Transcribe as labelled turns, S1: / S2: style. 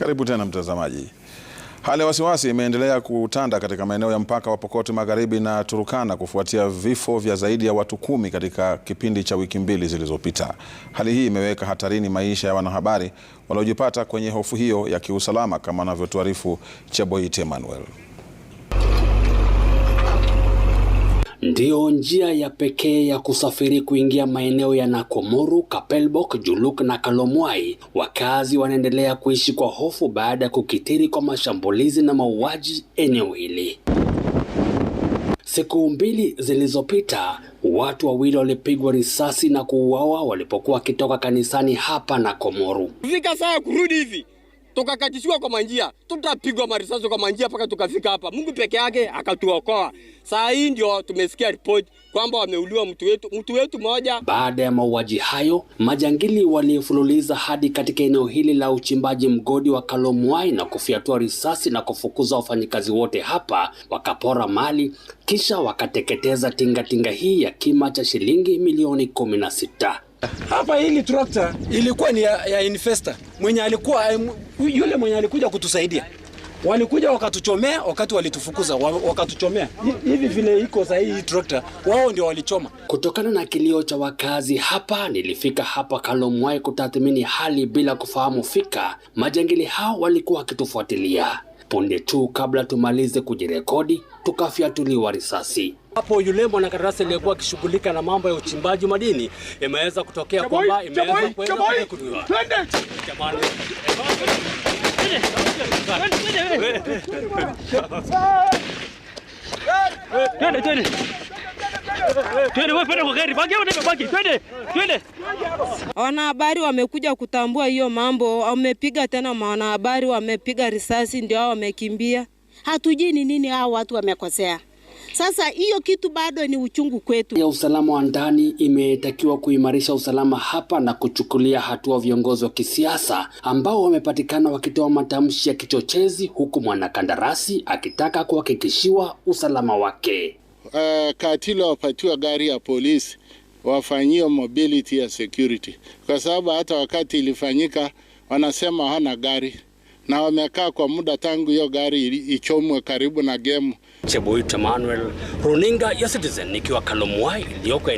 S1: Karibu tena mtazamaji. Hali ya wasiwasi imeendelea kutanda katika maeneo ya mpaka wa Pokoti Magharibi na turukana kufuatia vifo vya zaidi ya watu kumi katika kipindi cha wiki mbili zilizopita. Hali hii imeweka hatarini maisha ya wanahabari waliojipata kwenye hofu hiyo ya kiusalama kama anavyotuarifu Cheboit Emmanuel.
S2: Ndiyo njia ya pekee ya kusafiri kuingia maeneo ya Nakomoru, Kapelbok, Juluk na Kalomwai. Wakazi wanaendelea kuishi kwa hofu baada ya kukitiri kwa mashambulizi na mauaji eneo hili. Siku mbili zilizopita watu wawili walipigwa risasi na kuuawa walipokuwa wakitoka kanisani hapa Nakomoru.
S3: Fika saa kurudi hivi tukakatishiwa kwa manjia, tutapigwa marisasi kwa manjia mpaka tukafika hapa. Mungu peke yake akatuokoa. Saa hii ndio tumesikia ripoti kwamba wameuliwa mtu wetu mtu wetu moja.
S2: Baada ya mauaji hayo, majangili walifululiza hadi katika eneo hili la uchimbaji mgodi wa Kalomwai na kufyatua risasi na kufukuza wafanyikazi wote hapa, wakapora mali kisha wakateketeza tingatinga hii ya kima cha shilingi milioni kumi na sita.
S4: Hapa hili trakta ilikuwa ni ya, ya investor mwenye alikuwa yule mwenye alikuja kutusaidia Walikuja wakatuchomea wakati walitufukuza, wakatuchomea hivi vile iko sahihi. Hii trekta wao ndio walichoma.
S2: Kutokana na kilio cha wakazi hapa, nilifika hapa Kalomwai kutathmini hali bila kufahamu fika majangili hao walikuwa wakitufuatilia. Punde tu kabla tumalize kujirekodi, tukafyatuliwa risasi.
S4: Hapo yule mwanakandarasi aliyekuwa akishughulika na mambo ya uchimbaji madini imeweza kutokea kwamba
S5: imeweza kuweza kutuiwa. Twende, twende. Twende wewe kwa gari. baki? Twende. Twende.
S6: Wanahabari wamekuja kutambua hiyo mambo, wamepiga tena, wanahabari wamepiga risasi, ndio hao wamekimbia. Hatujui ni nini hao watu wamekosea. Sasa hiyo kitu bado ni uchungu kwetu.
S2: Ya usalama wa ndani imetakiwa kuimarisha usalama hapa na kuchukulia hatua viongozi wa kisiasa ambao wamepatikana wakitoa matamshi ya kichochezi, huku mwanakandarasi akitaka kuhakikishiwa usalama wake.
S7: Uh, eh, katilo wapatiwa gari ya polisi wafanyie mobility ya security, kwa sababu hata wakati ilifanyika wanasema hana gari na wamekaa kwa muda tangu hiyo gari ichomwe karibu na gemu.
S2: Cheboit Emmanuel, runinga ya Citizen, nikiwa Kalomwai iliyoko